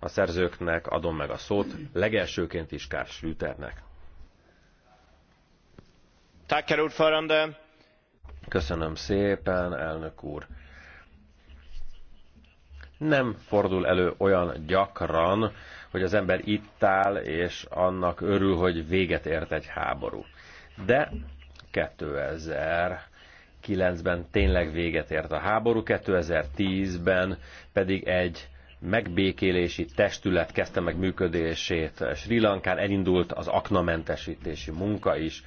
a szerzőknek adom meg a szót, legelsőként is Kárs Lüternek. Köszönöm szépen, elnök úr. Nem fordul elő olyan gyakran, hogy az ember itt áll, és annak örül, hogy véget ért egy háború. De 2000 2009-ben tényleg véget ért a háború, 2010-ben pedig egy megbékélési testület kezdte meg működését. Sri Lankán elindult az aknamentesítési munka is,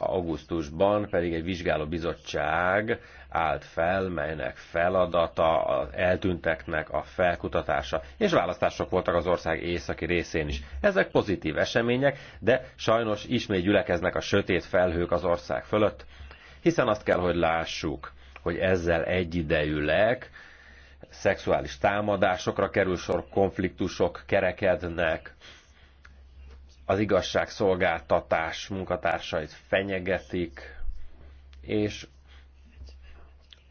augusztusban pedig egy vizsgálóbizottság állt fel, melynek feladata az eltűnteknek a felkutatása, és választások voltak az ország északi részén is. Ezek pozitív események, de sajnos ismét gyülekeznek a sötét felhők az ország fölött, hiszen azt kell, hogy lássuk, hogy ezzel egyidejűleg szexuális támadásokra kerül sor, konfliktusok kerekednek, az igazságszolgáltatás munkatársait fenyegetik, és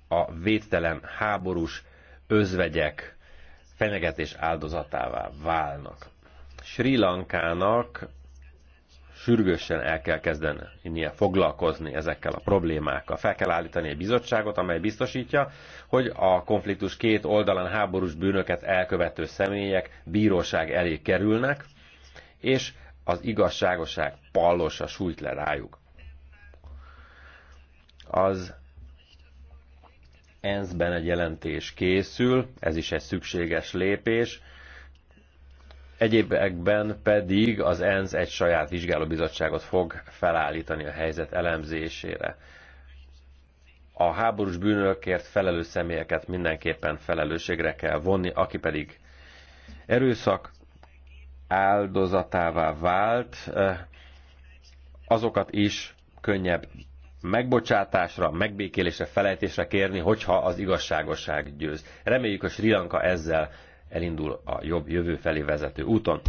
a védtelen háborús özvegyek fenyegetés áldozatává válnak. Sri Lankának sürgősen el kell kezdenie foglalkozni ezekkel a problémákkal. Fel kell állítani egy bizottságot, amely biztosítja, hogy a konfliktus két oldalán háborús bűnöket elkövető személyek bíróság elé kerülnek, és az igazságoság pallosa sújt le rájuk. Az ENSZ-ben egy jelentés készül, ez is egy szükséges lépés, Egyébekben pedig az ENSZ egy saját vizsgálóbizottságot fog felállítani a helyzet elemzésére. A háborús bűnökért felelős személyeket mindenképpen felelősségre kell vonni, aki pedig erőszak áldozatává vált, eh, azokat is könnyebb megbocsátásra, megbékélésre, felejtésre kérni, hogyha az igazságosság győz. Reméljük, hogy Sri Lanka ezzel elindul a jobb jövő felé vezető úton.